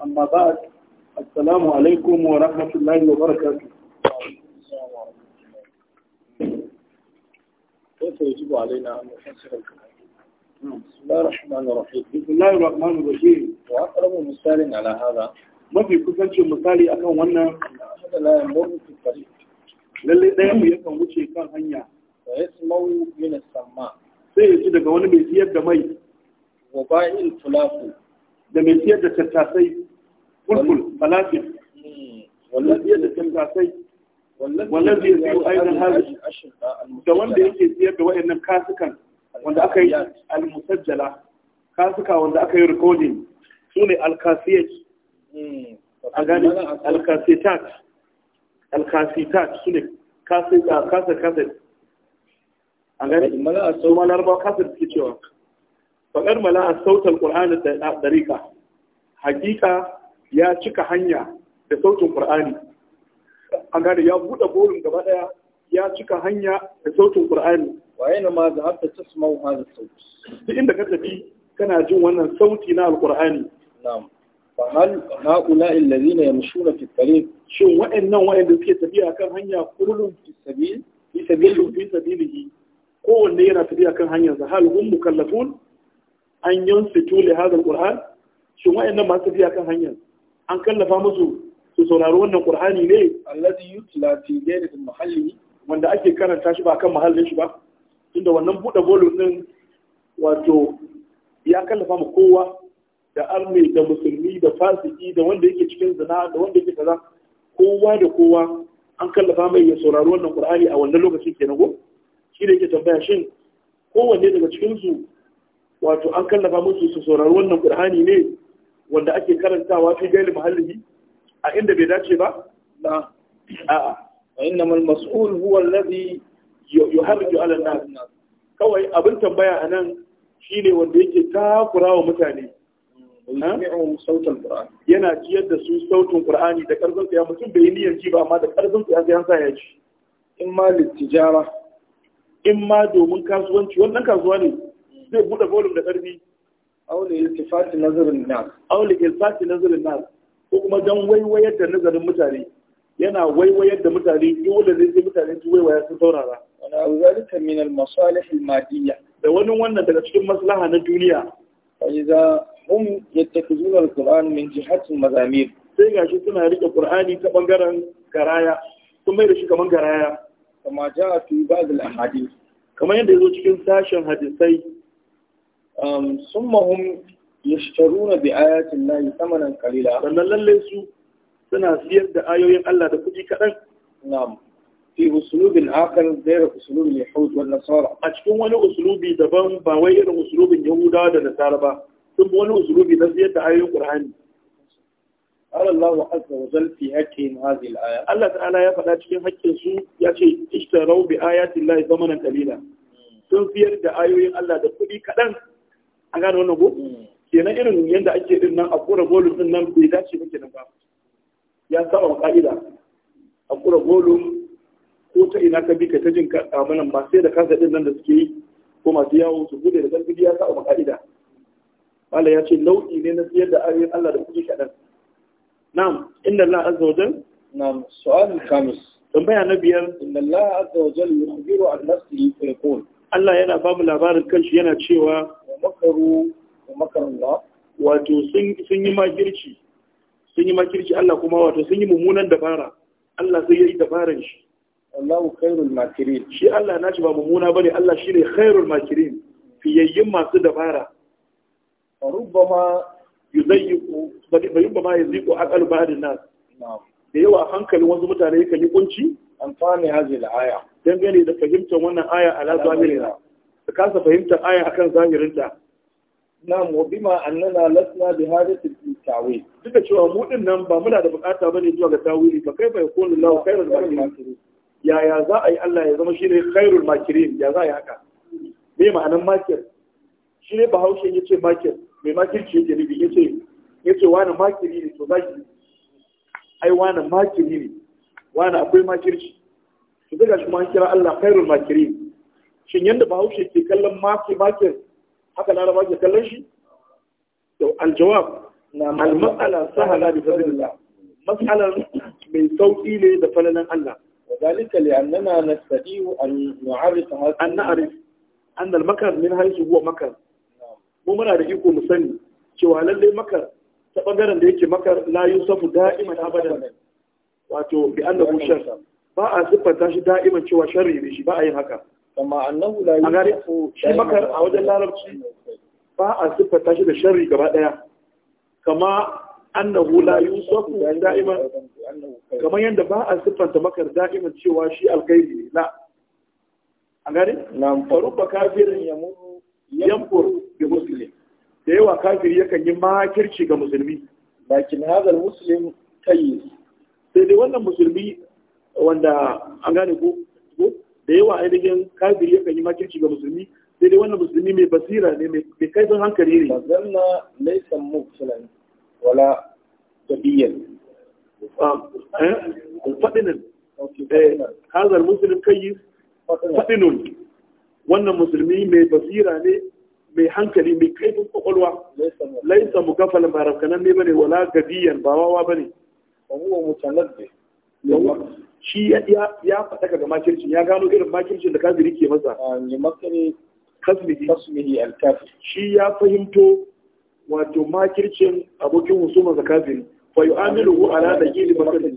amma ba assalamu alaikum wa rahmatullahi wa barakatuhu mafi kusanci misali akan wannan lallai ɗaya yakan wuce kan hanya sai ya ji daga wani mai siyar da mai da mai siyar da tattasai kulkul falafin wannan siyo aizan hali da wanda yake siyar da wayannan kasukan wanda aka yi almusajjala kasuka wanda aka yi recording su ne hmm. a kasa an gani su ma larabawa kasar suke cewa faɗar mala a sautar ƙur'ani da ɗarika hakika ya cika hanya da sautin ƙur'ani an gane ya buɗe burin gaba ɗaya ya cika hanya da sautin ƙur'ani waye na ma za a ta tasma wa hada sauti duk inda ka tafi kana jin wannan sauti na alƙur'ani na'am fa hal haula allazina yamshuna fi tariq shin wa'annan wa'anda suke tafiya kan hanya kullum fi sabil fi sabil fi kowanne yana tafiya kan hanyarsa hal hum mukallafun an yansitu li hadha alquran shin wayannan masu tafiya kan hanyar an kallafa musu su saurari wannan qur'ani ne allazi yutla fi ghayri mahalli wanda ake karanta shi ba kan mahallin shi ba tunda wannan bude bolo din wato ya kallafa mu kowa da arme da musulmi da fasiki da wanda yake cikin zina da wanda yake kaza kowa da kowa an kallafa mai ya saurari wannan qur'ani a wannan lokacin kenan ko shi da yake tambaya shin kowanne daga cikinsu wato an kallafa musu su saurari wannan qur'ani ne wanda ake karantawa fi gaili muhallihi a inda bai dace ba na a'a wa innamal mas'ul huwa alladhi yuharriju 'ala an-nas kawai abin tambaya anan shine wanda yake takurawa mutane yana ciyar da su sautin qur'ani da karzan tsaya mutum bai niyyar ji ba amma da karzan tsaya sai an sa ya ji in ma littijara in ma domin kasuwanci wannan kasuwa ne zai buɗe volume da ƙarfi aule iltifati nazarin nas aule iltifati nazarin nas ko kuma don waiwayar da nazarin mutane yana waiwayar da mutane dole ne sai mutane su waiwaya sun saurara wala auzalika min al masalih al madiyya da wani wannan daga cikin maslaha na duniya fa idza hum yattakizun al qur'an min jihati al mazamir sai gashi suna rike qur'ani ta bangaren garaya kuma mai da shi kaman garaya kama ja fi Bazil al ahadith kamar yadda zo cikin sashen hadisai um summahum yashtaruna bi ayati llahi thamanan qalila sannan lalle su suna siyar da ayoyin Allah da kuɗi kaɗan na'am fi usulubin akar zaira usulubin yahud wal nasara a cikin wani usulubi daban ba wai irin usulubin yahudawa da nasara ba sun wani usulubi na siyar da ayoyin qur'ani قال الله عز وجل في حقهم هذه الآية الله تعالى يا فدا cikin haƙƙin su yace ishtaru bi ayati llahi zamanan qalila sun siyar da ayoyin Allah da kuɗi kaɗan an gane wannan ko kenan irin yadda ake din nan a kura bolum din nan bai dace ba kenan ba ya saba wa ka'ida a kura bolum ko ta ina ka bi ka ta jin kamanan ba sai da kasa din nan da suke yi ko masu yawo su bude da zargi ya saba wa ka'ida Allah ya ce nau'i ne na siyar da ayoyin Allah da kuɗi kaɗan na'am inda Allah azza wa jal na'am su'al al-khamis tambaya na biyar inda Allah azza wa jal yukhbiru an nafsihi fa yaqul Allah yana ba mu labarin kanshi yana cewa makaru makarallah wato sun sun yi makirci sun yi makirci Allah kuma wato sun yi mummunan dabara Allah sai yi dabaran shi Allahu khairul makirin shi Allah naci ba mummuna bane Allah shine khairul makirin fiyayyin masu dabara rubbama yuzayyiqu bayin ba ma yazziqu aqal ba'din nas da yawa hankalin wasu mutane yakan yi kunci an fani hazil aya dangane da fahimtar wannan aya ala zahirina da kasa fahimtar aya akan zahirinta na'am wa bima annana lasna bi hadati tawil duka cewa mu din nan ba muna da bukata bane zuwa ga tawili fa kaifa yakunu lahu khairul makirin ya ya za a yi Allah ya zama shine khairul makirin ya za a yi haka me ma'anan makir shine bahaushe yace makir mai makirci yake nufi ya ce ya ce wani makiri ne to za ki ai wani makiri ne wani akwai makirci to daga shi ma kira Allah khairul makirin shin yadda bahaushe ke kallon maki makir haka laraba ke kallon shi to aljawab na al-mas'ala sahala bi fadlillah mas'alar mai sauki ne da falalan Allah وذلك لأننا نستطيع أن نعرف هذا أن نعرف أن المكر من حيث هو مكر mu muna da iko mu sani cewa lallai makar ta bangaren da yake makar la yusafu da'iman abadan wato bi annahu shar ba a siffanta shi da'iman cewa sharri ne shi ba a yin haka amma annahu la yusafu shi makar a wajen larabci ba a siffanta shi da sharri gaba daya kama annahu la yusafu da'iman kamar yadda ba a siffanta makar da'iman cewa shi alkhairi ne la a gare na faru ba kafirin yamur bi musulmi da yawa kafiri yakan yi makirci ga musulmi lakin hadal muslim kai sai dai wannan musulmi wanda an gane ko da yawa ainihin kafiri yakan yi makirci ga musulmi sai dai wannan musulmi mai basira ne mai kaifin hankali ne zanna laysa musulmi wala tabiyan ah, eh? fadinan eh, hadal muslim kayyib fadinan wannan musulmi mai basira ne mai hankali mai kaifin kwakwalwa laisa mu gafal ba rafkanan ne bane wala gabiyan ba wawa bane huwa mutanabbi shi ya ya faɗa ga makircin ya gano irin makircin da kafiri ke masa ne makare kasmihi kasmihi al-kafir shi ya fahimto wato makircin abokin husuma ga kafiri fa yu'amiluhu ala dajili makare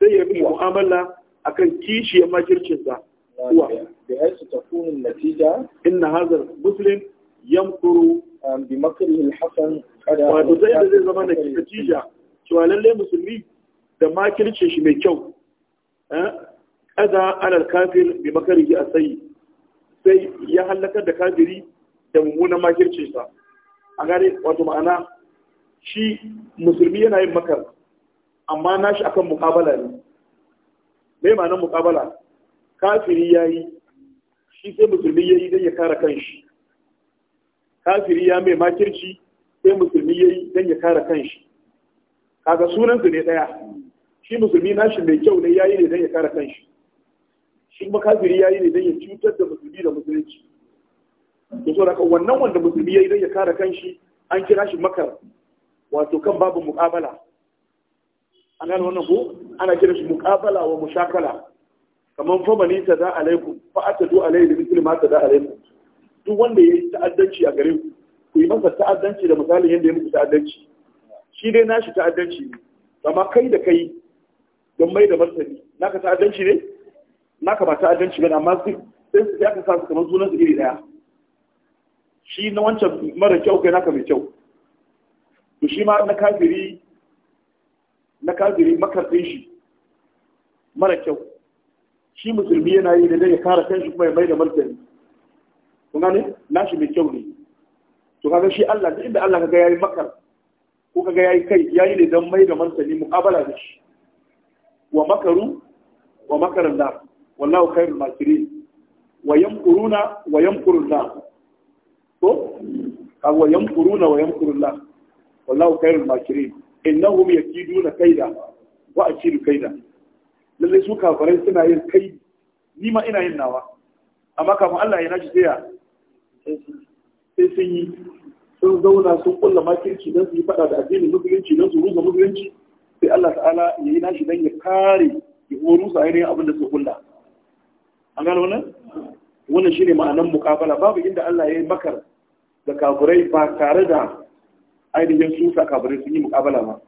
sai ya bi mu'amala akan kishiyar makircin sa kuwa bi haisu takunu natija inna hadha muslim yamkuru um, bi makrihi al-hasan kada wato sai da zai zama da natija cewa lalle musulmi da makirce shi mai kyau kada eh, alal kafir bi makrihi as-sayyi sai ya halakar da kafiri da mummunan makirce sa a gare wato ma'ana shi musulmi yana yin makar amma nashi akan mukabala ne mai ma'anar mukabala kafiri yayi shi sai musulmi yayi dan ya kare kanshi kafiri ya mai makirci sai musulmi ya yi don ya kare kanshi kaga sunansu ne ɗaya shi musulmi nashi mai kyau ne ya yi ne don ya kare kanshi shi kuma kafiri ya yi ne don ya cutar da musulmi da musulunci to so daga wannan wanda musulmi ya yi don ya kare kanshi an kira shi makar wato kan babu muƙabala an gane wannan ko ana kira shi muƙabala wa mushakala kamar fa bani ta za alaikum fa atadu alaihi bi mithli ma ta za alaikum duk wanda ya yi ta'addanci a gare ku ku yi masa ta'addanci da misalin yadda ya muku ta'addanci shi dai nashi ta'addanci ne amma kai da kai don mai da martani naka ta'addanci ne naka ba ta'addanci ba amma sai su ya sa su kamar sunan su iri daya shi na wancan mara kyau kai naka mai kyau to shi ma na kafiri na kafiri makarfin shi mara kyau shi musulmi yana yi da ya kare kanshi kuma ya mai da martani kun gane nashi mai kyau ne to kaga shi Allah duk inda Allah kaga yayi makar ko kaga yayi kai yayi ne dan mai da martani muqabala da shi wa makaru wa makar Allah wallahu khairul makirin wa yamkuruna wa yamkuru Allah ko kaga wa yamkuruna wa yamkuru Allah wallahu khairul makirin innahum yakiduna kaida wa akidu kaida lalle su kafirai suna yin kai ni ma ina yin nawa amma kafin Allah ya nashi sai ya sai sun yi sun zauna sun kulla makirci don su yi fada da addinin musulunci don su rusa musulunci sai Allah ta'ala ya yi nashi don ya kare ya kuma rusa ainihin abin da su kulla an gano wannan wannan shine ma'anan muqabala babu inda Allah ya yi makar da kafurai ba tare da ainihin su sa kafirai sun yi muqabala ba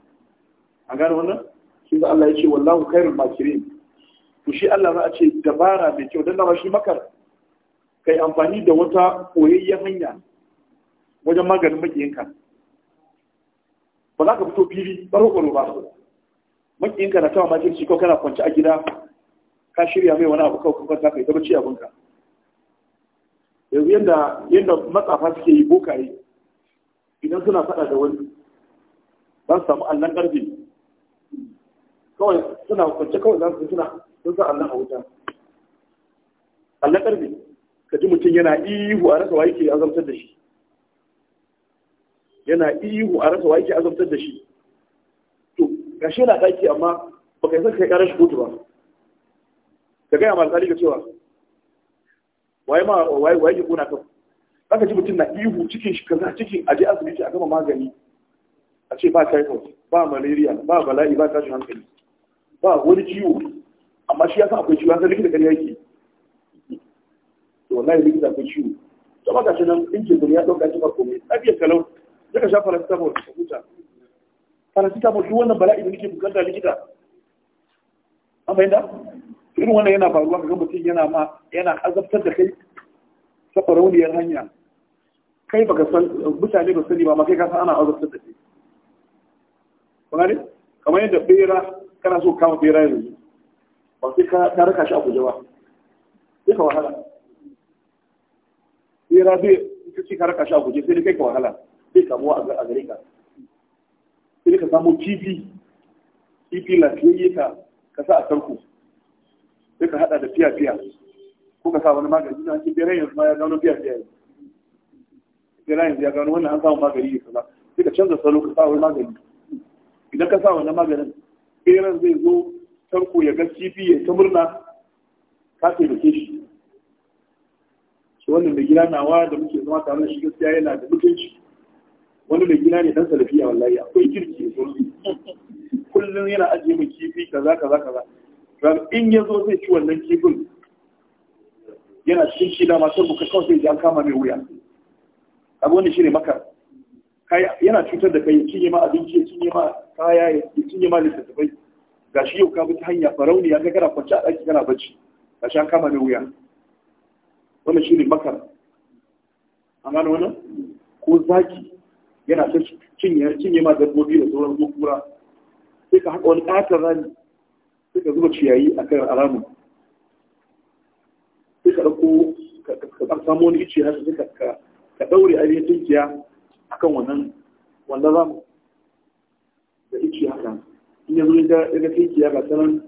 an gano wannan shi da Allah ya ce wallahu khairul makirin to shi Allah za a ce dabara mai kyau dan ba shi makar ka yi amfani da wata koyayyen hanya wajen maganin makiyinka ba za ka fito fili baro-baro ba makiyinka na kawo makirci ko kana kwanci a gida ka shirya mai wani abu kawai kuma za ka yi zama ci abinka yanzu yadda yadda matsafa suke yi bokaye idan suna faɗa da wani ba su samu allon ƙarfe kawai suna kwanci kawai za su suna sun sa allon a wuta allon ƙarfe ka ji mutum yana ihu a rasa wa yake azabtar da shi yana ihu a rasa wa yake azabtar da shi to gashi yana daki amma ba baka san kai karar shi kotu ba ka gaya ma alƙali ka cewa waye ma waye waye kuna ka zaka ji mutum na ihu cikin shi kaza cikin aje asibiti a gama magani a ce ba typhoid ba malaria ba bala'i ba tashin hankali ba wani ciwo amma shi ya san akwai ciwo ya san likita kan yake wallahi likita ko ciwo to baka shi nan ɗinkin guri ya ɗauka shi ba komai lafiyar kalau zaka sha paracetamol ka huta paracetamol duk wannan bala'i da nake bukata likita an fahimta irin wannan yana faruwa ga mutum yana ma yana azabtar da kai safarauniyar hanya kai baka san mutane ba sani ba ma kai ka san ana azabtar da kai kuma ne kamar yadda bera kana so kama bera yanzu ba sai ka raka shi a guje ba sai ka wahala sai rabi in ka ce ka raka shi sai kai ka wahala sai kamuwa a gare ka sai ka samu kifi kifi lafiyayye ka ka sa a tarko sai ka hada da fiya fiya ko ka sa wani magani na ake bere yanzu ma ya gano fiya fiya bera yanzu ya gano wannan an samu magani ya kaza sai ka canza salo ka sa wani magani idan ka sa wani maganin beran zai zo tarko ya ga kifi ya ta murna ka taimake shi shi wannan da gida nawa da muke zama tare da shi gaskiya yana da mutunci wani da gida ne dan salafiya wallahi akwai kirki sosai kullum yana ajiye mu kifi kaza kaza kaza in ya zo zai ci wannan kifin yana cikin shi dama sai buka kawai sai an kama mai wuya abu wani shine maka yana cutar da kai ya cinye ma abinci ya cinye ma kaya ya cinye ma littattafai gashi yau ka bi ta hanya farauni ya ga kana kwance a ɗaki kana bacci gashi an kama mai wuya wannan shi ne makar an gano wannan ko zaki yana ta cinye cinye ma dabbobi da sauran kura sai ka haka wani ƙatar rani, sai ka zuba ciyayi a kan alamun sai ka ɗauko ka samu wani ice haka sai ka ɗaure ainihin tunkiya a kan wannan wanda zamu da ice haka in yanzu ya ga tunkiya ga sanan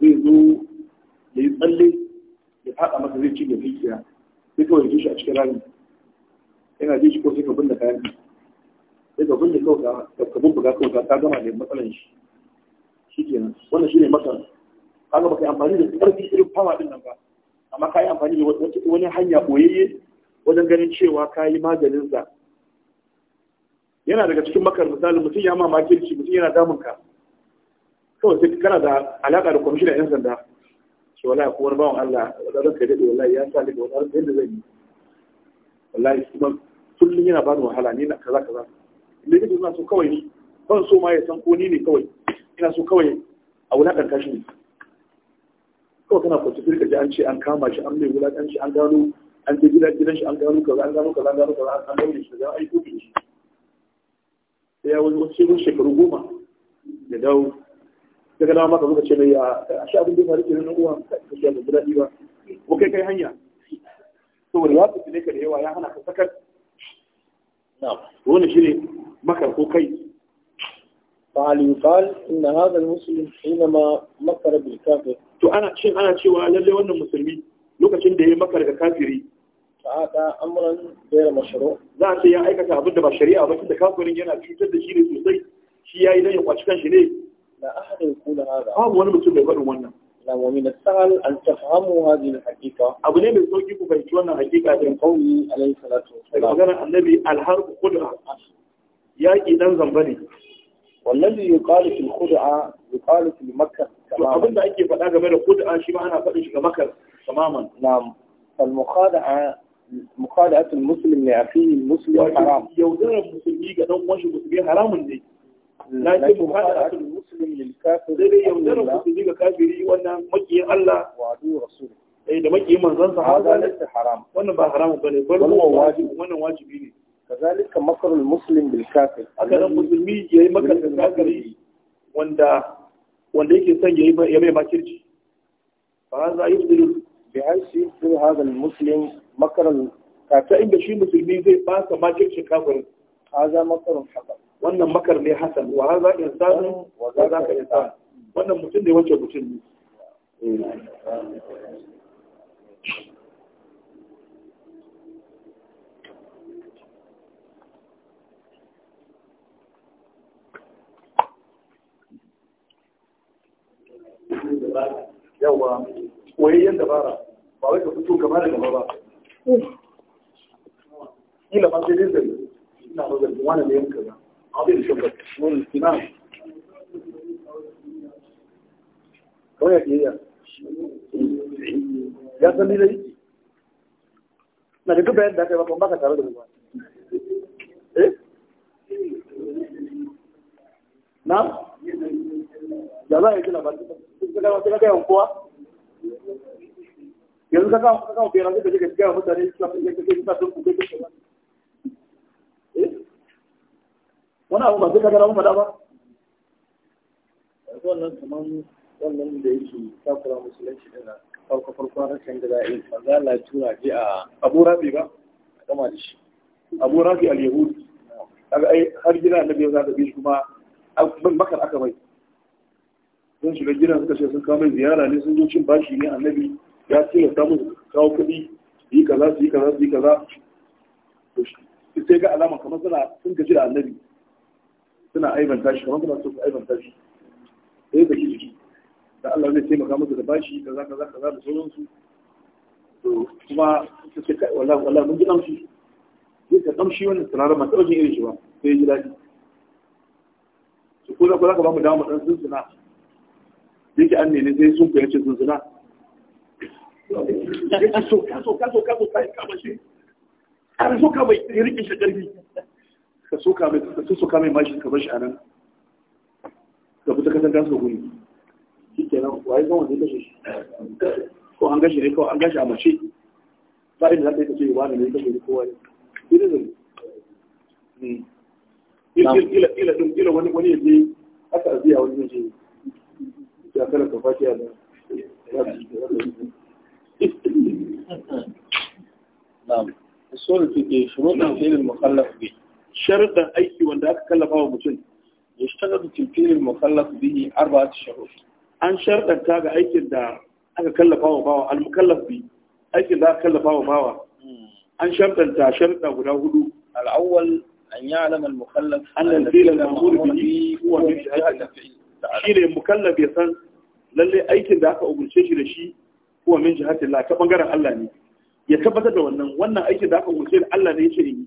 zai zo ya yi tsalle da faɗa masa zai cinye dukiya sai kawai ji shi a cikin rami yana ji shi ko sai ka binne kayan sai ka binne kawai ka bubbuga kawai ka gama da matsalan shi shi kenan wannan shi ne masa kaga kai amfani da ƙarfi irin fama din nan ba amma ka yi amfani da wani hanya boyayye wajen ganin cewa ka yi maganin sa yana daga cikin makar misali mutum ya ma shi mutum yana damun ka kawai sai kana da alaƙa da kwamishinan 'yan sanda ce wala ko wani bawan Allah wani ranka daɗe wallahi ya sa daga wani ranka yadda zan yi wallahi kuma kullum yana bani wahala ni na kaza kaza ne kake ina so kawai ni ban so ma ya san ko ni ne kawai ina so kawai a wulakanta shi ne kawai kana kwanciyar ka ji an ce an kama shi an mai shi, an gano an ce gidan gidan shi an gano kaza an gano kaza an gano kaza an gano shi da aiko shi ya wani wasu shekaru goma da dawo daga dama maka lokaci mai a shi abin da ya faru kenan nan uwa ka shi da daɗi ba ko kai kai hanya saboda ya tafi ne ka da yawa ya hana ka sakar wani shi ne makar ko kai فهل يقال ان هذا المسلم حينما مكر بالكافر to ana cin ana cewa lalle wannan musulmi lokacin da ya makar da kafiri ta'ata amran ghayr mashru za a ce ya aikata abin da ba shari'a ba tunda kafirin yana cutar da shi ne sosai shi yayi dan ya kwaci kan shi ne أحد يقول هذا آه وانا بتقول بقول وانا نعم ومن السهل أن تفهموا هذه الحقيقة أبو نبي زوجي بفيتونا حقيقة من قومي عليه الصلاة والسلام فقال النبي الحرب قدرة يا دان زنبني والذي يقال في الخدعة يقال في مكة تماما أبو نبي أجي فلا جميل الخدعة شما أنا فلش مكة تماما نعم فالمخادعة مخادعة المسلم لأخيه المسلم حرام يودر المسلمي قدام وجه المسلمي حرام لكن مخادعة muslim lil kafir zai yaudara musulmi ga kafiri wannan makiyin Allah wa adu rasul eh da makiyin manzon sa hada laysa haram wannan ba haramun bane bal huwa wajibi wannan wajibi ne kazalika makarul muslim bil kafir haka nan musulmi yayi makar da kafiri wanda wanda yake son yayi ya mai makirci fa hada yubdilu bi haysi yubdilu hada al muslim makar al kafir inda shi musulmi zai ba sa makirci kafirin hada makarun haram wannan makar ne hasan wa haza insanu wa ka insan wannan mutum ne wancan mutum ne yawa yin dabara ba wai ka fito gaba da gaba ba kila ba sai dai zai ina ba zai wani ne yanka ba عظيم شغل والاهتمام وياك هي ya wani abu ba zai kaga mun ba wannan kaman wannan da yake takura musulunci din nan farko farko rashin da za a yi manzo Allah tura ji a Abu rafi ba a gama da shi Abu rafi al-Yahudi kaga ai har gina annabi ya zaga bi kuma ban makar aka bai sun shiga gidan suka ce sun kawo mai ziyara ne sun zo cin bashi ne annabi ya tilasta mu kawo kuɗi yi kaza su yi kaza su yi kaza sai ga alama kamar suna sun gaji da annabi suna aibanta shi kamar suna so su aibanta shi sai da shi da Allah zai taimaka musu da bashi kaza kaza kaza da sauransu to kuma su ce kai wallahi wallahi mun ji zai ka kamshi wannan tsirarar masu ɗaukin irin shi ba sai ya ji daɗi su ko za ka ba mu da mu ɗan sunsuna yake an nene sai sun sunsuna kaso kaso kaso kaso kai shi a rasu kama ya shi ƙarfi ka soka mai ka soka mai mashi ka bashi anan ka fita ka tanga su guri shikenan waye zan wanda kashe shi ko an gashi ne ko an gashi a mace ba inda zaka yi kace ba ne kashe ne kowa ne irin ne hmm. ila ila ila ila wani wani yaje aka aziya wani yaje ya kala ka fashi a نعم السؤال في شروط الفعل المخلف به sharuɗan aiki wanda aka kallafa wa mutum ya shi tagar tilfilin mukallaf bihi arba ta sharuɗ an sharuɗanta ga aikin da aka kallafa wa bawa al-mukallaf bi aikin da aka kallafa wa bawa an sharuɗanta sharuɗa guda hudu al an ya'lam al-mukallaf an al-fil al-ma'mur bihi huwa min jihati shi ne mukallaf ya san lalle aikin da aka umurce shi da shi huwa min jihati Allah ta bangaren Allah ne ya tabbatar da wannan wannan aikin da aka umurce Allah ne ya ce yi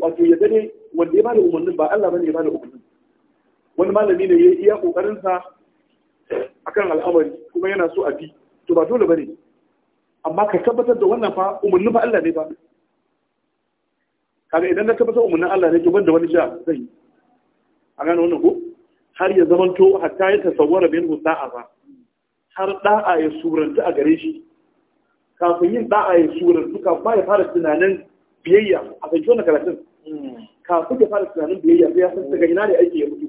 wato ya gane wanda ya bada umarnin ba Allah bane ya bada umarnin wani malami ne ya iya kokarin sa akan al'amari kuma yana so a bi to ba dole bane amma ka tabbatar da wannan fa umarnin fa Allah ne ba kaga idan na tabbatar umarnin Allah ne to banda wani sha zai a gane wannan ko har ya zamanto hatta ya tasawwara bin sa'a ba har da'a ya suranta a gare shi kafin yin da'a ya suranta kafin ya fara tunanin biyayya a fahimci wannan karatun hmm. kafin ya fara tunanin biyayya sai ya san daga ina ne aiki ya mutu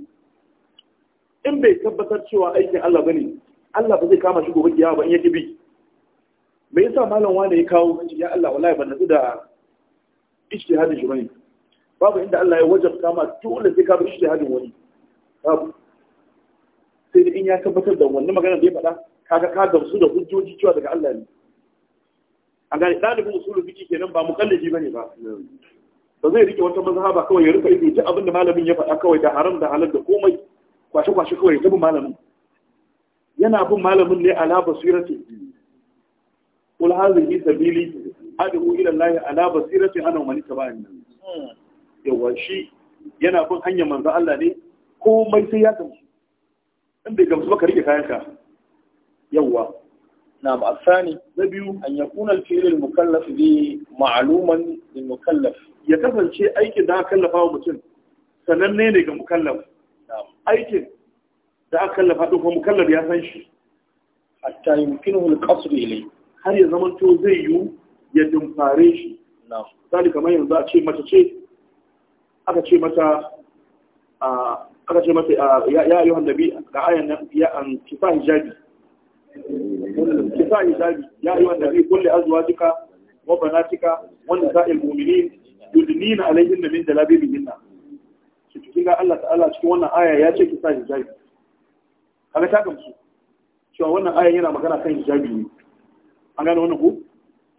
in bai tabbatar cewa aikin Allah bane Allah ba zai kama shi gobe kiyawa ba in yake bi me yasa malam wani ya kawo ya Allah wallahi ban nutsu da ijtihadin shi bane babu inda Allah ya wajabta ma dole sai ka bi ijtihadin wani babu sai in ya tabbatar da wannan magana da ya faɗa kaga ka gamsu da hujjoji cewa daga Allah ne a gane ɗalibin usulun fiki kenan ba mukallafi bane ba ba zai rike wata mazhaba kawai ya rika ido ta abin da malamin ya faɗa kawai da haram da halar da komai kwashe kwashe kawai ta bin malamin yana bin malamin ne ala basirati qul hadhihi sabili adu ila allahi ala basirati ana wa man tabani yawa shi yana bin hanyar manzo Allah ne komai sai ya gamsu in bai gamsu ba ka rike kayanka yawa نعم الثاني نبيو أن يكون الفعل المكلف به معلوما للمكلف يكفل شيء أيك ده كلفه ومتن sananne ne ga mukallaf aikin da aka kallafa to mukallaf ya san shi hatta yumkinuhu al-qasr ilay har ya zaman to zai yiwu ya dumfare shi na'am misali kamar yanzu a ce mata ce aka mata aka ce hijabi Kisa hijabi ya ayyuhan nabi kulli azwajika wa banatika wa nisa'il mu'minin yudnina alayhinna min jalabibihinna ki cikin ga Allah ta'ala cikin wannan aya ya ce ki sa hijabi kaga ta gamsu cewa wannan aya yana magana kan hijabi ne an gane wannan ku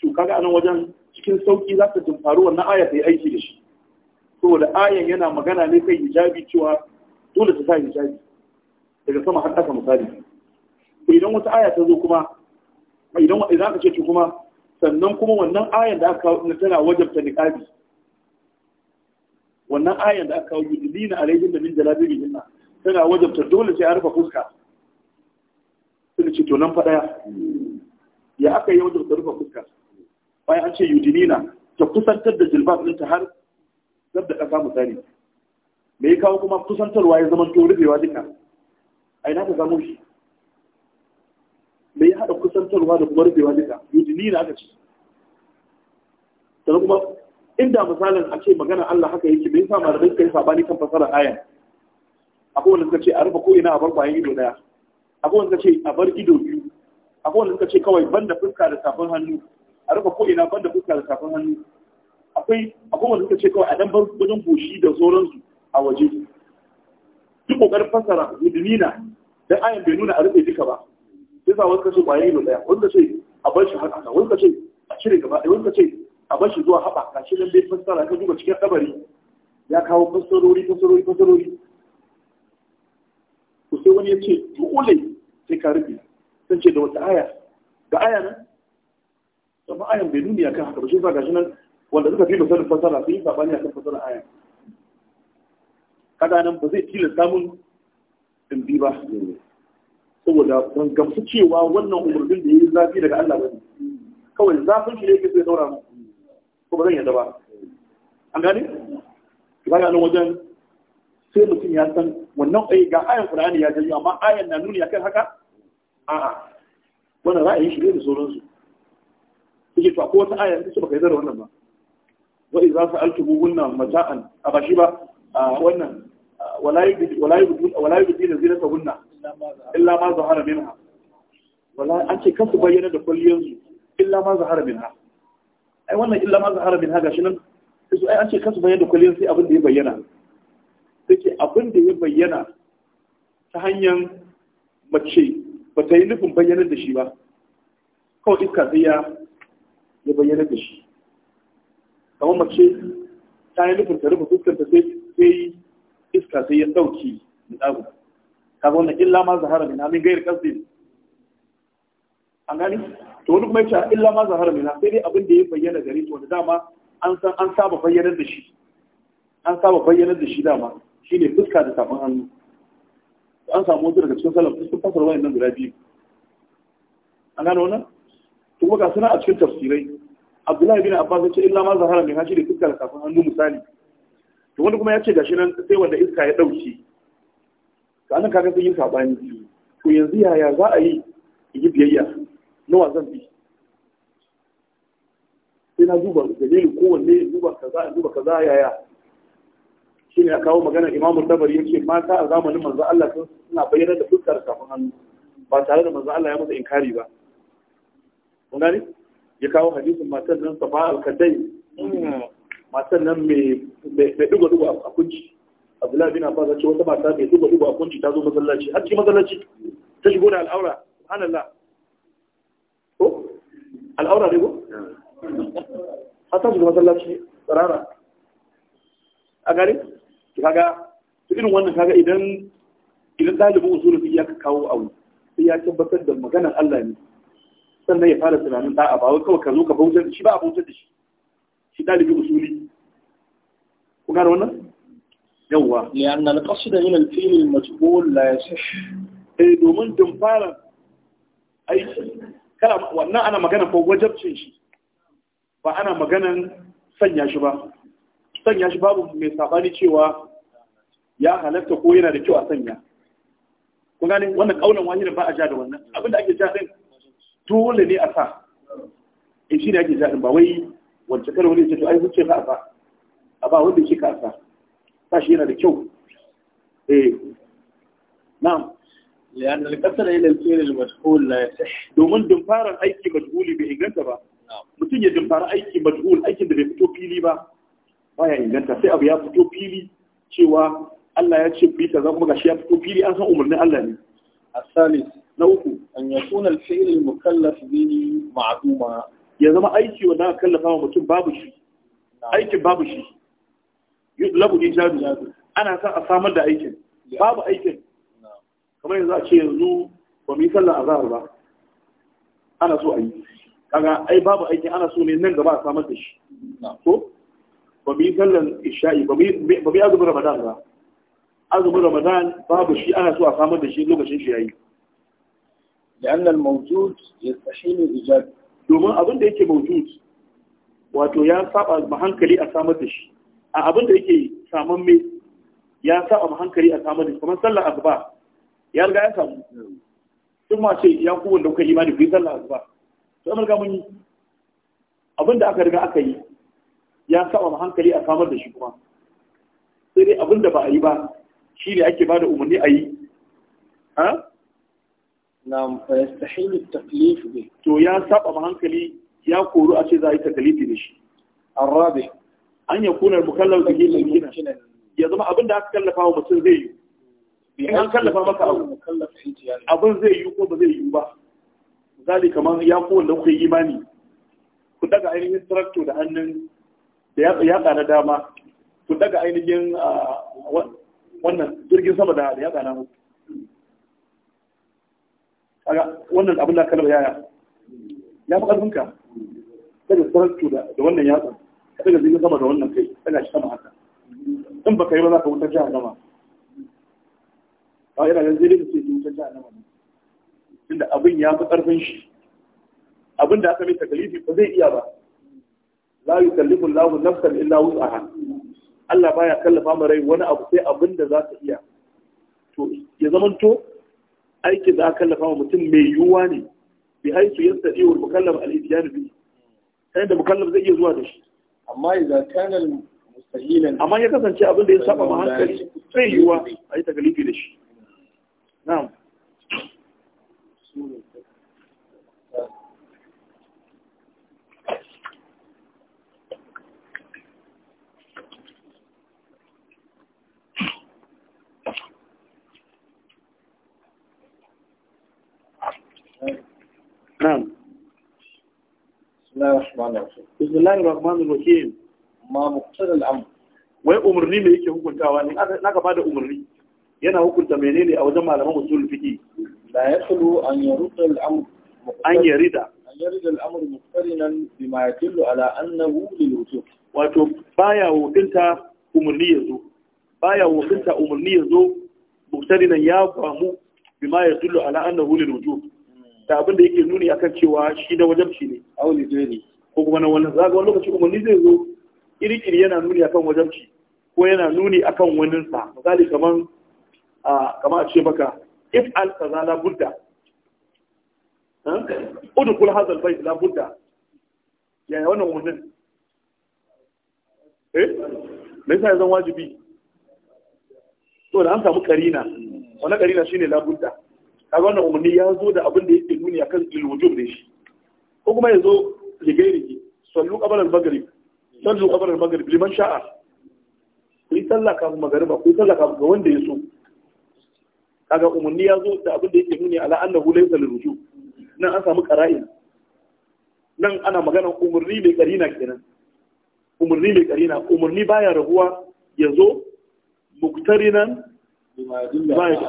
to kaga anan wajen cikin sauki za ta jimfaru wannan aya ta yi aiki da shi saboda ayan yana magana ne kan hijabi cewa dole ta sa hijabi daga sama har ƙasa misali idan wata aya ta zo kuma idan idan aka ce to kuma sannan kuma wannan ayan da aka kawo tana wajabta niqabi wannan ayan da aka kawo yudina da min jalabibihin tana wajabta dole sai a rufe fuska sun ce to nan fa daya ya aka yi wajabta rufe fuska bayan an ce yudinina ta kusantar da jilbab ta har zab da ƙasa misali me ya kawo kuma kusantarwa ya zama to rufewa duka a ina ka samu shi nisantarwa da kuma rufewa duka yudini na aka ce sannan kuma inda misalin a ce magana Allah haka yake bai sa malamai suka yi sabani kan fasara aya akwai wanda suka ce a rufe ko ina a bar bayan ido daya akwai wanda suka ce a bar ido biyu akwai wanda suka ce kawai banda fuska da safin hannu a rufe ko ina banda fuska da safin hannu akwai akwai wanda suka ce kawai a dan bar wajen goshi da sauransu a waje duk kokarin fasara yudinina dan ayan bai nuna a rufe duka ba sai sa ce kace kwaye ɗaya? daya ce a bar shi haka wanka ce, a cire gaba ɗaya wanka ce, a bar shi zuwa haɓa ka shi nan bai fassara ka duba cikin kabari ya kawo fassarori fassarori fassarori to sai wani ya ce dole sai ka rufe sun ce da wata aya ga aya nan kuma ayan bai nuni akan haka ba shi sa gashi nan wanda suka fi fasarin fasara sun yi sabani akan fassara aya. kada nan ba zai tilasta mun in bi ba saboda ban gamsu cewa wannan umarnin da ya yi zafi daga Allah ba ne kawai zafin shi ne ke sai daura ko ba zan yadda ba an gane ba ga nan wajen sai mutum ya san wannan ai eh, ga ayan Qur'ani ya janyo amma ayan na nuni akan haka a'a wannan ra'ayin shi ne da sauransu yake to akwai wata ayan da baka yi zara wannan ba wa idza sa'altumuhunna mata'an a ba a ba wannan wala yubdi wala yubdi wala yubdi zinatahunna illa ma zahara minha wala an ce kasu bayyana da kwalliyansu illa ma zahara minha ai wannan illa ma zahara minha gashi nan su ai an ce kasu bayyana da kwalliyansu sai abin da ya bayyana sai ce abin da ya bayyana ta hanyar mace ba ta yi nufin bayyanar da shi ba kawai iska sai ya ya bayyana da shi kamar mace ta yi nufin ta rufe fuskanta sai iska sai ya ɗauki da ɗagu kaga na illa ma zahara min amin gairi kasbi an gani to wani kuma yace ah, illa ma zahara mina sai dai abin da ya bayyana gare to da dama an san an saba bayyanar da shi an saba bayyanar da shi dama shine fuska da tafin hannu an samu wasu daga cikin salaf sun wani nan guda biyu an gano wannan to kuma ga suna a cikin tafsirai Abdullahi bin Abbas ce, illa ma zahara mina shine fuska da tafin hannu misali to wani kuma ya ce gashi nan sai wanda iska ya dauke sannan kaga sun yi sabani to yanzu yaya za a yi yi biyayya nawa zan bi sai na duba dalili kowanne duba kaza duba kaza yaya ne ya kawo magana imamu tabari ce mata a zamanin manzo Allah sun suna bayyana da fuskar kafin hannu ba tare da manzo Allah ya masa inkari ba kun gani ya kawo hadisin matan nan safa al-kadai mm. matan nan mai mai digo digo a kunci abdullahi bin abbas ya ce wata mata mai duba duba kunci ta zo masallaci har ci masallaci ta shigo da al'aura subhanallah ko al'aura ne ko har ta shigo masallaci tsarara a Ki kaga irin wannan kaga idan idan dalibin usulun su ya kawo abu sai ya tabbatar da maganar Allah ne sannan ya fara tunanin da'a ba wai kawai ka zo ka bautar da shi ba a bautar da shi shi dalibin usuli ku gane wannan yawwa li'anna al-qasd min al-fi'l al-majhul la yasih eh domin din fara aiki kana wannan ana magana ko wajabcin shi ba ana maganan sanya shi ba sanya shi babu mai sabani cewa ya halatta ko yana da kyau a sanya kun gane wannan kaulan wani ba a ja da wannan abinda ake ja din dole ne a sa in shi ne ake ja din ba wai wanda karo wani ya ce to ai huce ka a sa a ba wanda ke ka a sa sa shi yana da kyau eh na'am لأن القصر إلى الفعل المجهول لا يصح domin dumfaran aiki majhuli bai inganta ba mutum ya dumfara aiki majhul aikin da bai fito fili ba baya inganta sai abu ya fito fili cewa Allah ya ce bi kaza kuma gashi ya fito fili an san umarnin Allah ne asali na uku an yakuna al-fi'l al-mukallaf bihi ma'duma ya zama aiki wanda aka kallafa mutum babu shi aikin babu shi yudlabu ijadu ana son a samar da aikin babu aikin kamar yanzu a ce yanzu ba mu yi sallar azahar ba ana so a yi kaga ai babu aikin ana so ne nan gaba a samar da shi ko ba mu yi sallar isha'i ba mu yi azumin ramadan ba azumin ramadan babu shi ana so a samar da shi lokacin shi yayi لأن الموجود يستحيل الإيجاد domin abin da موجود mawjud wato ya saba ma a samar da shi a abin da yake samun me ya saba ma hankali a samun kuma sallar asuba ya riga ya samu sun ma ce ya kuwa da kuka imani ku sallar asuba to an riga mun yi abin da aka riga aka yi ya saba ma hankali a samar da shi kuma sai dai abin da ba a yi ba shi ne ake ba da umarni a yi ha na yastahilu taklif to ya saba ma hankali ya koru a ce za a yi takalifi da shi arabi an ya kunar mukallar da hilin gina ya zama abin da aka kallafa wa mutum zai yi in an kallafa maka abu abin zai yi ko ba zai yi ba zali kamar ya kowane da kuka yi imani ku daga ainihin tarakto da hannun da ya na dama ku daga ainihin wannan jirgin sama da ya na mu wannan abin da kallafa yaya ya fi ƙarfinka da tarakto da wannan yaƙa ka daga jirgin sama da wannan kai Kana shi sama haka in baka yi ba za ka wutar jihar nama ba yana zai ne ce yi wutar jihar nama tunda abin ya fi ƙarfin shi abin da aka mai takalifi ba zai iya ba la yukallifu Allahu nafsan illa wus'aha Allah baya kallafa mu rai wani abu sai abin da za ta iya to ya zamanto aikin da aka kallafa wa mutum mai yiwuwa ne bi haisu yastadi wal mukallaf al-ityan bi sai da mukallaf zai iya zuwa da shi amma idan mustahilan amma ya kasance abin da ya saba ma hankali sai yiwa a yi tagalifi da shi na'am Na'am. bismillahir rahmanir rahim ma muqtar al-amr wai umarni me yake hukuntawa ne na gaba da umarni yana hukunta menene a wajen malaman usul fiqi la yaqulu an yurda al-amr an yurida an yurida al-amr muqtarinan bima yadullu ala annahu lil wujub wato baya hukunta umarni yazo baya hukunta umarni yazo muqtarinan ya famu bima yadullu ala annahu lil wujub da abin da yake nuni akan cewa shi da shi ne a zai ne ko kuma na wannan zaga wani lokaci kuma ni zai zo kirkiri yana nuni akan shi, ko yana nuni akan wani sa misali kaman a kamar a ce baka if al kaza la budda eh? udkhul kula hazal bai la budda yaya wannan wannan? eh me yasa zan wajibi to da an samu karina wannan karina shine la budda kaga wannan umarni ya zo da abin da yake nuni akan ilwujub da shi ko kuma ya zo ligairiki sallu kabarar magarib sallu kabarar magarib liman sha'a ku yi sallah kafin magariba ku yi sallah kafin ga wanda ya so kaga umarni ya zo da abin da yake nuni ala annahu laysa lirujub nan an samu qara'in nan ana magana umarni mai karina kenan umarni mai karina umarni baya rabuwa ya zo muktarinan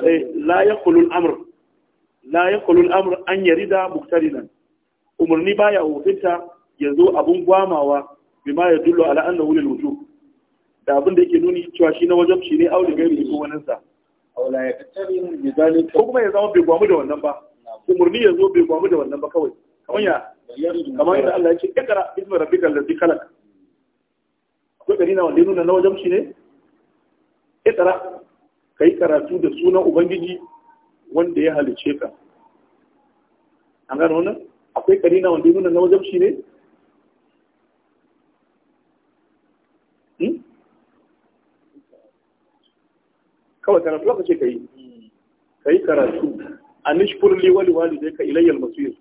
eh, la yaqulu al-amr la yaqulu al-amru an yarida muqtarinan umarni baya ya zo abun gwamawa bima ya dullo ala annahu lil wujub da abin da yake nuni cewa shi na wajen shi ne aure gari ko wannan sa aula ya kattari bi zalika ko kuma ya zama bai gwamu da wannan ba umarni ya zo bai gwamu da wannan ba kawai kamar ya kamar yadda Allah ya ce ikra isma rabbika allazi khalaq akwai gari na wanda nuna na wajen shi ne ikra kai karatu da sunan ubangiji wanda ya halice ka an gano nan, akwai karina wanda ya nuna na shi ne hmm? kawai karatu aka ce ka yi ka yi karatu a nishkurli wali wali dai ka ilayyar yi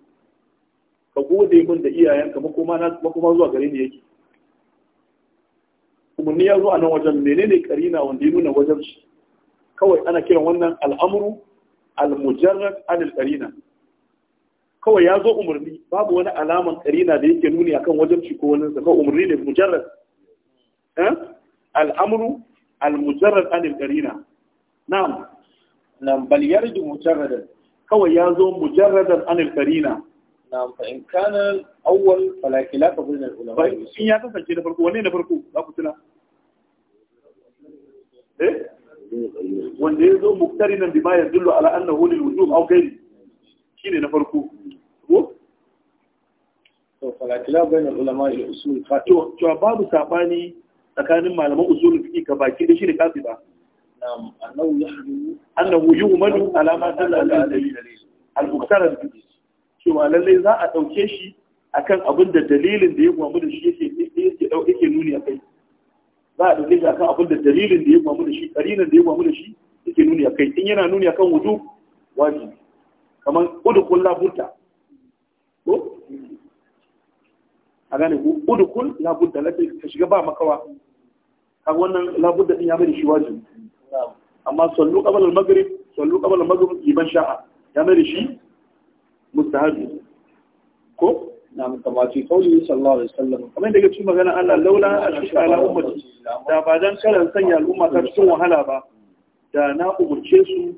ka gode min da iyayenka makoma zuwa gare ni yake Kuma ni ya zo a nan wajen menene karina wanda ya nuna wajen shi kawai ana kiran wannan al'amuru al-mujarrad anil qarina kawai ya zo umarni babu wani alaman karina da yake nuni akan wajabci ko wani zaka umarni ne mujarrad eh al'amru al-mujarrad anil qarina na'am nam bal yarju mujarradan kawai ya zo mujarradan anil qarina na'am fa in kana awwal fala khilafa bayna al-ulama in ya kasance da farko wanne na farko za ku tuna eh wanda ya zo muktarinan bima ya dillu ala annahu lil wujub aw ghairi shine na farko ko to fala kila bayna ulama ila usul fa to to babu sabani tsakanin malaman usul fiqi ka baki da shine kafi ba na'am annahu yahdu annahu yu'malu ala ma dalla ala dalil al-muktaran bihi cewa lallai za a dauke shi akan abin da dalilin da ya gwamu da shi yake yake yake nuni akai za a ɗauke akan abin da dalilin da ya gwamu da shi karinan da ya gwamu da shi yake nuni akai in yana nuni akan wudu wajibi kamar udukun labuta ko a gane ku udukun labuta lafi ka shiga ba makawa Kan wannan labuta din ya mai da shi wajibi amma sallu qabla al-maghrib sallu qabla al-maghrib liman sha'a ya mai da shi mustahabi ko na كما kawai yi صلى الله عليه وسلم كما daga cikin magana Allah laula ashqa ala ummati da ba dan karan sanya al'umma ta cikin wahala ba da na umarce su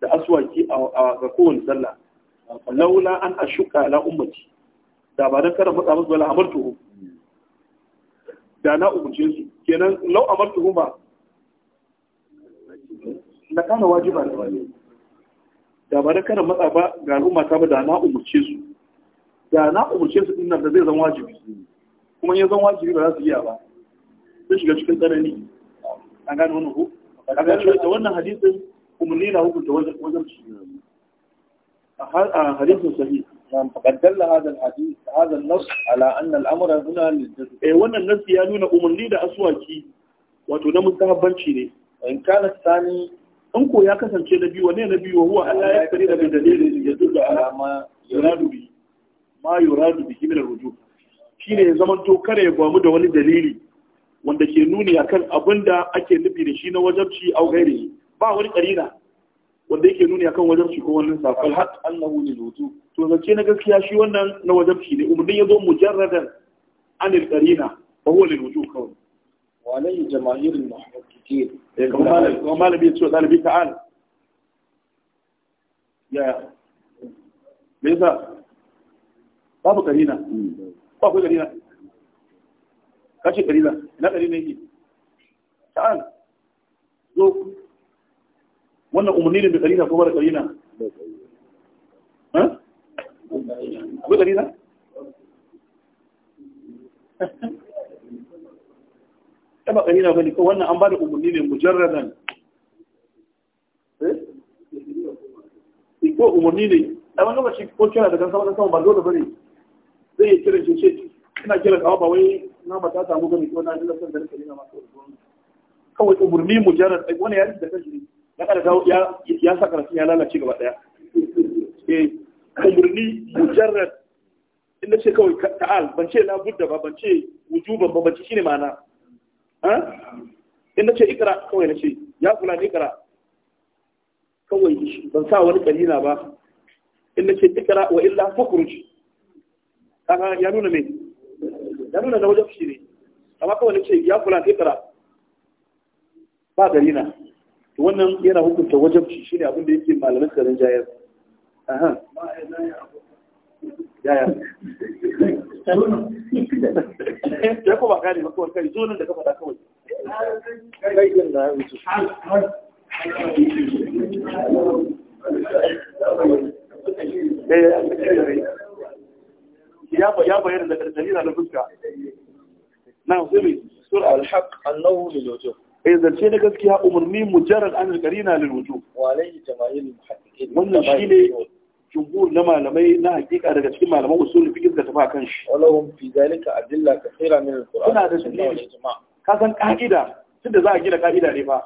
da aswaki a ga kowane sallah laula an ashqa ala ummati da ba dan karan matsa musu wala amartuhum da na umarce su kenan lau amartuhum ba na kana wajiba da ba dan karan matsa ba ga al'umma ta ba da na umarce su da na umarce su dinnan da zai zama wajibi kuma ya zan wajibi ba za su iya ba sun shiga cikin tsanani an gane wannan ko a ga cewa wannan hadisin umarni na hukunta wajen shi a hadisin sahi نعم فقد دل هذا الحديث هذا النص على ان الامر wannan nasi ya nuna umarni da asuwaki. wato na mustahabbanci ne in kana sani in ko ya kasance na biyu wane na biyu huwa Allah ya kare da dalilin ya dulla alama yuradu bi ma yuradu bihi min ar-ruju shine ya zaman to kare ya gwamu da wani dalili wanda ke nuni akan abinda ake nufi da shi na wajabci au gairi ba wani karina wanda yake nuni akan wajabci ko wannan sa fal hat annahu lil wudu to zance na gaskiya shi wannan na wajabci ne umurnin yazo mujarradan anil karina fa huwa lil wudu kawai wa alayhi jamaahir al muhaqqiqin eh, kuma malami ya ce dalibi ta'al ya me yasa babu karina ba hmm. ku karina kace karina ina karina yake ta'al zo wannan umarni ne da karina ko mara karina ha ku karina ba karina bane ko wannan an ba da umarni ne mujarradan eh ko umarni ne a wani lokaci ko kira da kan sama da sama ba dole bane zai kira kiran shi ce ina kiran kawo ba wai na ba ta samu gani ko na ji lafiyar da nake nuna masu rubutu kawai umarni mujarrad ai wani ya rike da kashi ya kada kawo ya ya saka rafi ya lalace gaba daya eh mu mujarrad inda ce kawai ta'al ban ce na budda ba ban ce wujuban ba ban ce shine ma'ana ha ah? inda ce ikra kawai na ce ya kula ne ikra kawai ban sa wani kalina ba inda ce ikra wa illa fakhruj kaga ya nuna me ya nuna na wajen shi ne amma kawai ce ya kula sai fara ba gari na to wannan yana hukunta wajen shi shine abin da yake malamin garin jayar aha yaya ya ko ba gane ba kawai kai zo da ka faɗa kawai kai eh, ya bayyana da dalila na fuska na sai sur al-haq annahu lil wujub eh zance na gaskiya umarni mujarrad an al-qarina lil wujub wa alayhi jamaahir al-muhaddiqin wannan shine jumhur na malamai na hakika daga cikin malaman usul fiqh da tafa kan shi walahum fi zalika adilla kathira min al-quran kuna da sunni ka san ka'ida tunda za a gina ka'ida ne fa.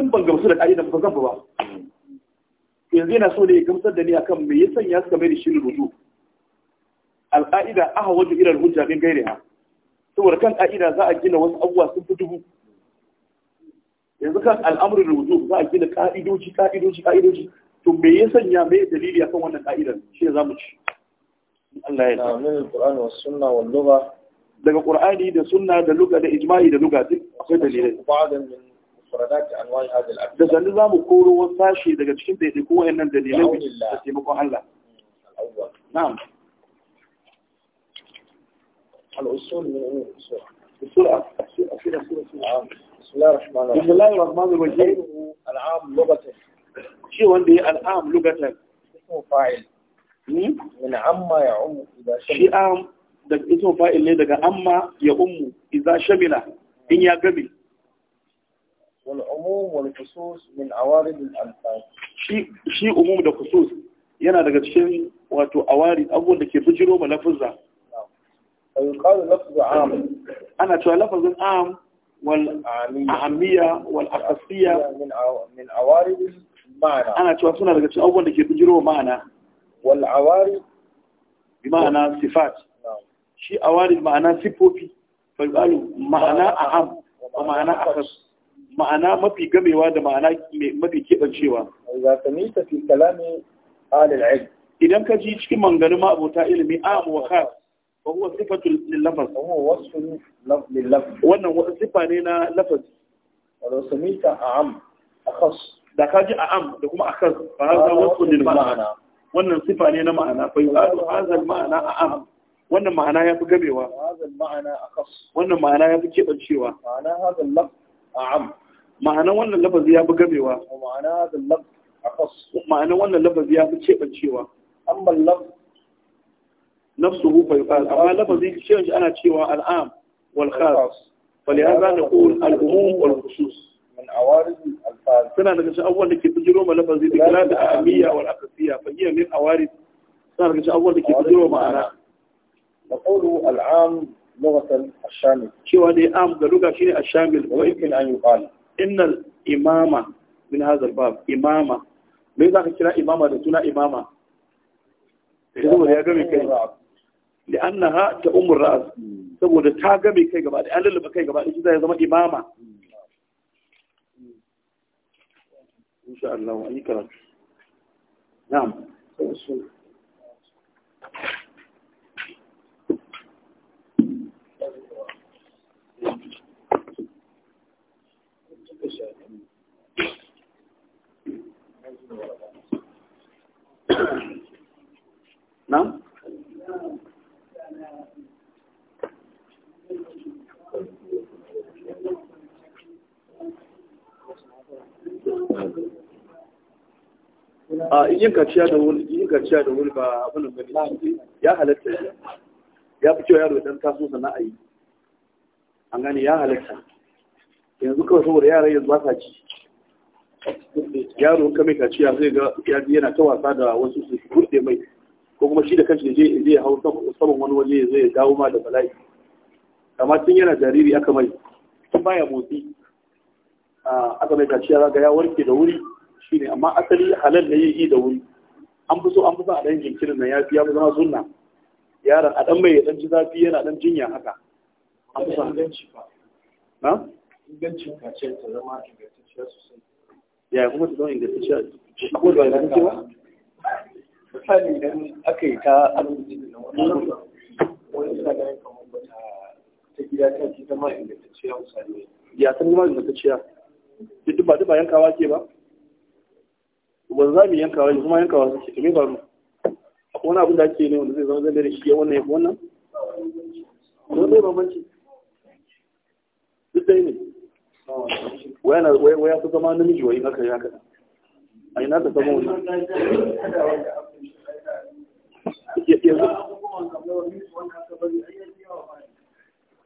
in ban gamsu da ka'ida ba zan ba yanzu yana so ne ya gamsar da ni akan me yasan ya sanya suka mai da shi rubutu alƙa'ida aha wajen irin hujja min ha, saboda kan ƙa'ida za a gina wasu abuwa sun fi dubu yanzu kan al'amurin rubutu za a gina ƙa'idoji ƙa'idoji ƙa'idoji to me ya sanya me dalili akan wannan ƙa'idar shi ya za ci Allah ya yarda daga qur'ani da sunna da lugha da ijma'i da lugha duk akwai dalilai da sannu za mu koro wasu sashi daga cikin ɗaiɗaiku wa'annan dalilai da taimakon Allah na'am الأصول من علم الأصول أصول أصول أصول أصول العام بسم الله الرحمن الرحيم بسم الله الرحمن الرحيم العام لغة شيء وندي العام لغة اسم فاعل من عما يعم إذا شمل شيء عام daga isin fa'il ne daga amma ya ummu iza shamila in ya gami والعموم والخصوص من عوارض الألفاظ شيء عموم da khusus yana daga cikin wato awari abubuwan da ke bujiro ma lafuzza فيقال لفظ عام أنا أتوى لفظ عام والأهمية والأخصية من عوارض المعنى أنا أتوى سنة لك أول لكي بجروا معنى والعوارض بمعنى صفات شيء عوارض معنى سيبوبي فيقال معنى أهم ومعنى أخص ma'ana mafi gamewa da ma'ana mafi keɓancewa. Za ka nita fi kalami alil ilm. Idan ka ji cikin manganu ma'abota ilimi am wa khas wa huwa sifatu lillafaz wa huwa wasfu lillafaz wannan wata sifa ne na lafaz wa samita a'am akhas da kaji a'am da kuma akhas fa hadha wasfu ma'ana wannan sifa ne na ma'ana fa yuqalu hadha al ma'ana a'am wannan ma'ana ya fi gabewa wannan ma'ana ya fi keɓancewa Ma'ana wannan lafazi ya fi gabewa Ma'ana wannan lafazi ya fi keɓancewa amma lafz نفسه فيقال أما لفظي شيء أنا تشيوى العام والخاص فلهذا نقول العموم والخصوص من عوارض الألفاظ سنة لك أول لك تجروا ما لفظي بكلاد أهمية والأساسية فهي من عوارض سنة لك أول لك تجروا ما أنا نقول العام لغة الشامل شيء هذه عام لغة شيء الشامل ويمكن أن يقال إن الإمامة من هذا الباب إمامة ليه ذاك كلا إمامة لتنا إمامة إذا هو يا جميل Annaha ta umur Ra'as saboda ta game kai gaba da an kai gaba da shi zai zama imama insha Allah na'am a yin kaciya da wuri ba abin da ya halatta ya fi cewa yaro dan taso sana a an gani ya halatta yanzu kawai saboda yara yanzu ba sa ci yaro ka mai kaciya zai ga yana ta wasa da wasu su kurde mai ko kuma shi da kanshi je je ya hau saman wani waje zai dawo ma da bala'i amma tun yana jariri aka mai tun baya motsi aka mai kaciya za ga ya warke da wuri shi ne amma asali halal ne yi da wuri an fi so an fi son a ɗan jinkirin nan ya fi ya fi zama sunna yaron a ɗan mai ya ɗan ji zafi yana ɗan jinya haka an fi son inganci fa na ingancin kaciyar ta zama ingantacciya sosai yaya kuma ta zama ingantacciya akwai da wani ba. misali idan aka yi ta asibiti da wani wani suna ganin kamar ba ta gida ta ji zama ingantacciya misali ya ta zama ingantacciya duk ba duk ba yankawa ke ba ba za mu yankawa ne kuma yankawa su ce me faru akwai wani abin da ake ne wanda zai zama zai da shi wannan ya fi wannan ko zai bambanci duk dai ne waya su zama namiji wa yi haka ya kada a ina ta zama wani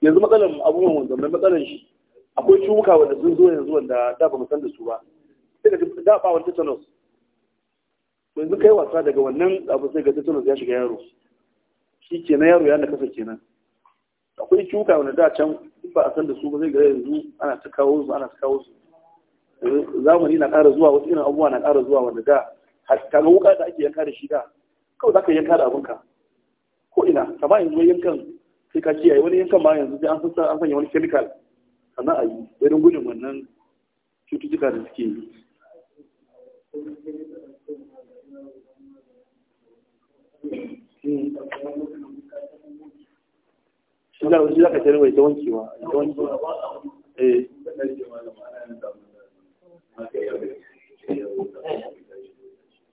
yanzu matsalar abubuwan wanzan mai matsalan shi akwai ciwuka wanda sun zo yanzu wanda da ba mu san da su ba sai ka da ba wani tetanus yanzu kai wasa daga wannan abu sai ga tetanus ya shiga yaro shi kenan yaro ya nakasa kenan akwai ciwuka wanda da can ba a san da su ba zai ga yanzu ana ta kawo su ana ta kawo su zamani na ƙara zuwa wasu irin abubuwa na ƙara zuwa wanda da kaga ga wuka da ake yanka da shi da kawai za ka yanka da abinka ko ina ka ba yanzu yankan sai ka kiyaye wani yankan ma yanzu sai an san wani kemikal sannan a yi irin gudun wannan cututtuka da suke yi shi za ka ta wankewa ta wankewa eh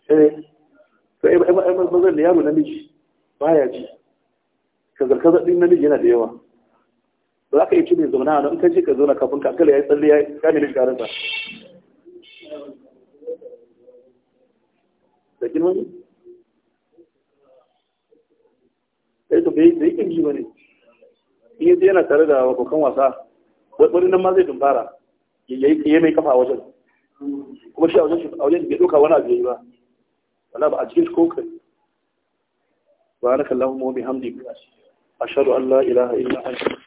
eh sai ba ba ba da yaro namiji baya ji kazar kazar din namiji yana da yawa za ka yi cibin zauna in ka ce ka zauna kafin ka ya yi tsalle ya yi kamilin da karinsa da kin wani yi to da yi kinji wani in yaji yana tare da wakokan wasa wani nan ma zai dumbara ya yi mai kafa a wajen kuma shi a wajen shi a wajen bai ɗauka wani abu ya yi ba wala ba a cikin shi kokari ba na kallon mu bi hamdi ashhadu an la ilaha illa anta